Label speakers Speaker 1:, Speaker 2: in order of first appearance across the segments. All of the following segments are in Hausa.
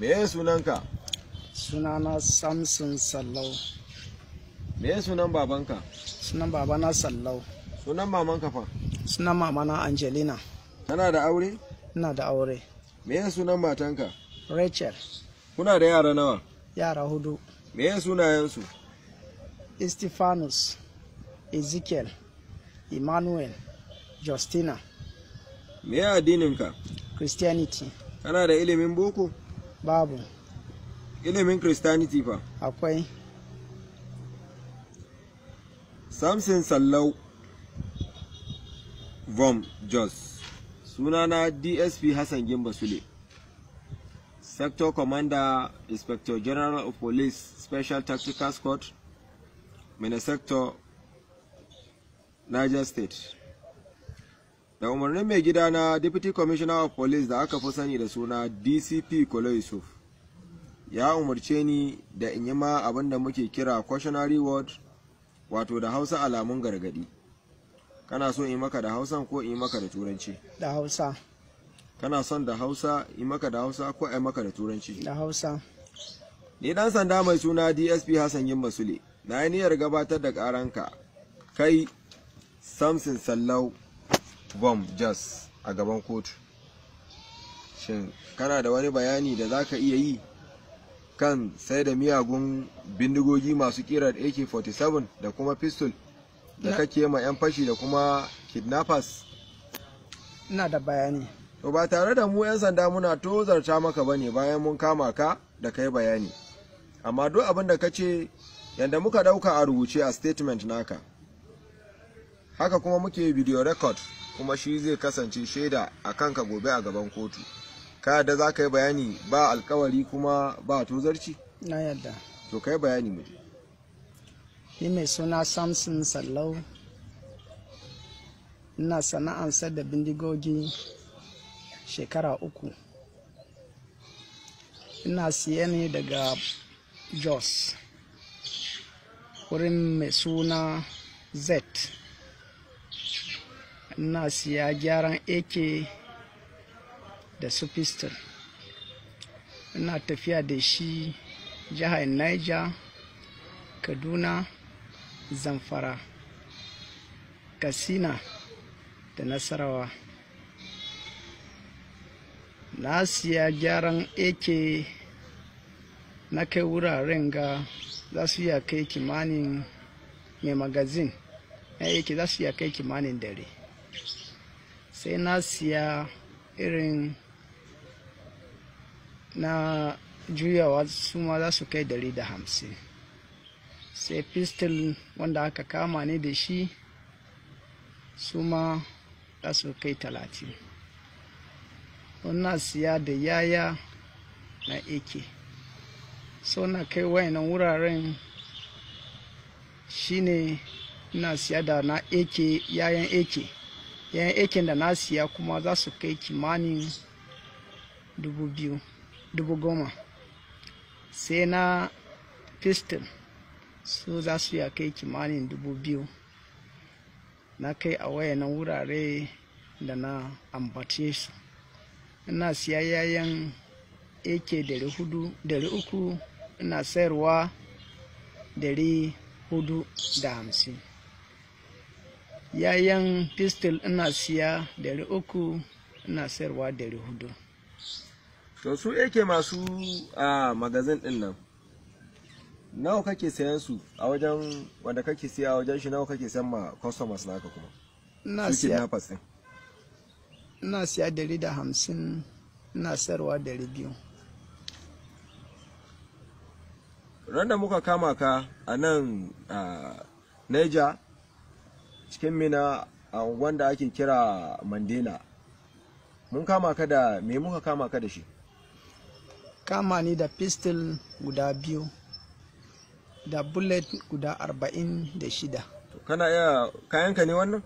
Speaker 1: me ya sunanka sunana samson sallau me ya sunan babanka sunan babana sallau sunan mamanka fa
Speaker 2: sunan mamana angelina
Speaker 1: tana da aure
Speaker 2: ina da aure
Speaker 1: me ya sunan matanka rachel kuna da yara nawa yara hudu me ya sunayensu
Speaker 2: Stephanus, Ezekiel, Emmanuel, Justina.
Speaker 1: Me ya addininka?
Speaker 2: Christianity.
Speaker 1: Kana da ilimin boko? babu ilimin christianity fa akwai samson sallau vom jos sunana dsp hassan gimba sule sector commander inspector general of police special tactical squad minnesota niger state da umarnin mai gida na deputy commissioner of police da aka fi sani da suna dcp kola yusuf ya umarce ni da in yi ma abin da muke kira cautionary word wato da hausa alamun gargadi kana so in maka da Hausa ko in maka da turanci da hausa kana son da hausa in maka da hausa ko in maka da turanci da hausa ni dan sanda mai suna dsp hassan yin masule na yi niyyar gabatar da karanka kai samson sallau bom jazz a gaban kotu shin kana da wani bayani da za ka iya yi kan sai da miyagun bindigogi masu kirar ak-47 da kuma pistol da kake ma 'yan fashi da kuma kidnappers ina da bayani to ba tare da mu 'yan sanda muna to zarta maka ba ne bayan mun kama ka da kai bayani amma duk abin da ka ce yadda muka dauka a rubuce a statement naka haka kuma muke video record kuma shi zai kasance shaida a kanka gobe a gaban kotu ka yadda za ka yi bayani ba alkawari kuma ba tozarci na yadda to kai bayani mu
Speaker 2: ni mai suna samson sallau ina sana'an da bindigogi shekara uku ina siye ne daga jos wurin mai suna z na siya gyaran ak da su pistol ina tafiya da shi jihar niger kaduna zamfara kasina da nasarawa na siya gyaran ak na kai wuraren ga za su iya kai kimanin mai magazin na ak za su iya kai kimanin dare sai na siya irin na juyawa su ma za su kai dari da hamsin sai pistol wanda aka kama ne da shi su ma za su kai talatin na siya da yaya na ake so na kai wayanan wuraren shine ina siya da na ake yayan ake yan aikin da na siya kuma za su kai kimanin dubu biyu dubu goma sai na piston su za su ya kai kimanin dubu biyu na kai a waya na wurare da na ambace su ina siya yayan ake dari uku ina sayarwa dari hudu da hamsin yayan pistol ina siya dari uku ina sayarwa dari hudu
Speaker 1: to su yake masu a magazin din nan nawa kake sayan su a wajen wanda kake siya a wajen shi nawa kake sayan ma customers naka kuma
Speaker 2: ina siya ina siya dari da hamsin ina sayarwa dari biyu
Speaker 1: ran da muka kama ka a nan a uh, neja cikin mina a unguwan da ake kira mandela mun kama ka da me muka kama ka da shi
Speaker 2: kama ni da pistol guda
Speaker 1: biyu da bullet guda arba'in da shida kana iya kayanka ne wannan?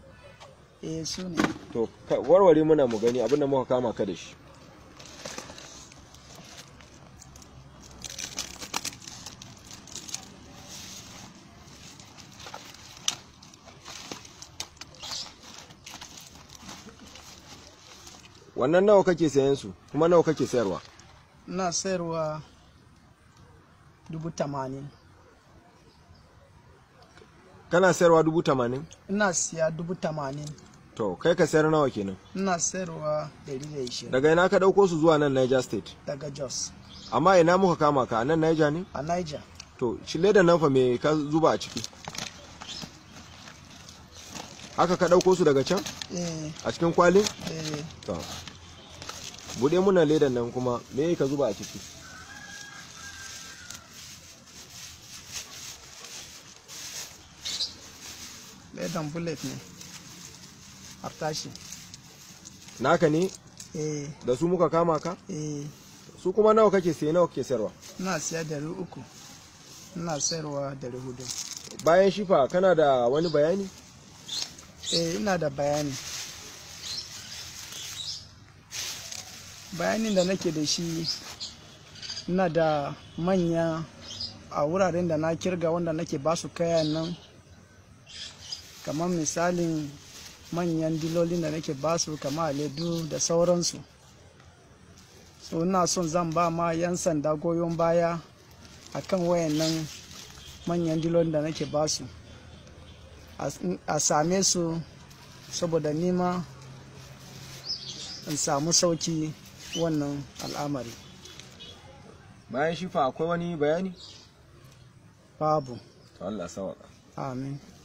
Speaker 1: eh su ne to warware muna mu gani abinda muka kama ka da shi wannan nawa kake sayan su kuma nawa kake sayarwa
Speaker 2: ina sayarwa dubu tamanin
Speaker 1: kana sayarwa dubu tamanin
Speaker 2: ina siya dubu tamanin
Speaker 1: to kai ka sayar nawa kenan
Speaker 2: ina sayarwa dari da ishirin daga
Speaker 1: ina ka dauko su zuwa nan niger state
Speaker 2: daga jos
Speaker 1: amma ina muka kama ka a nan niger ne a niger to shi leda nan fa me ka zuba a ciki haka ka dauko su daga can eh. a cikin kwalin eh. to bude muna ledan nan kuma me ka zuba a ciki ledan bullet ne hartashi naka ne eh da su muka kama ka eh su kuma nawa kake sai nawa kake sayarwa
Speaker 2: ina siya dari uku ina sayarwa dari hudu
Speaker 1: bayan shifa kana da wani bayani eh ina da bayani bayanin da nake da shi
Speaker 2: na da manya a wuraren da na kirga wanda nake basu su kayan nan kamar misalin manyan dilolin da nake basu su kamar aledu da sauransu so ina son zan ba ma 'yan sanda goyon baya a kan wayannan manyan dilolin da nake basu a same su saboda nima in samu sauki wannan al'amari
Speaker 1: bayan shi fa akwai wani bayani babu Allah sawaka
Speaker 2: amin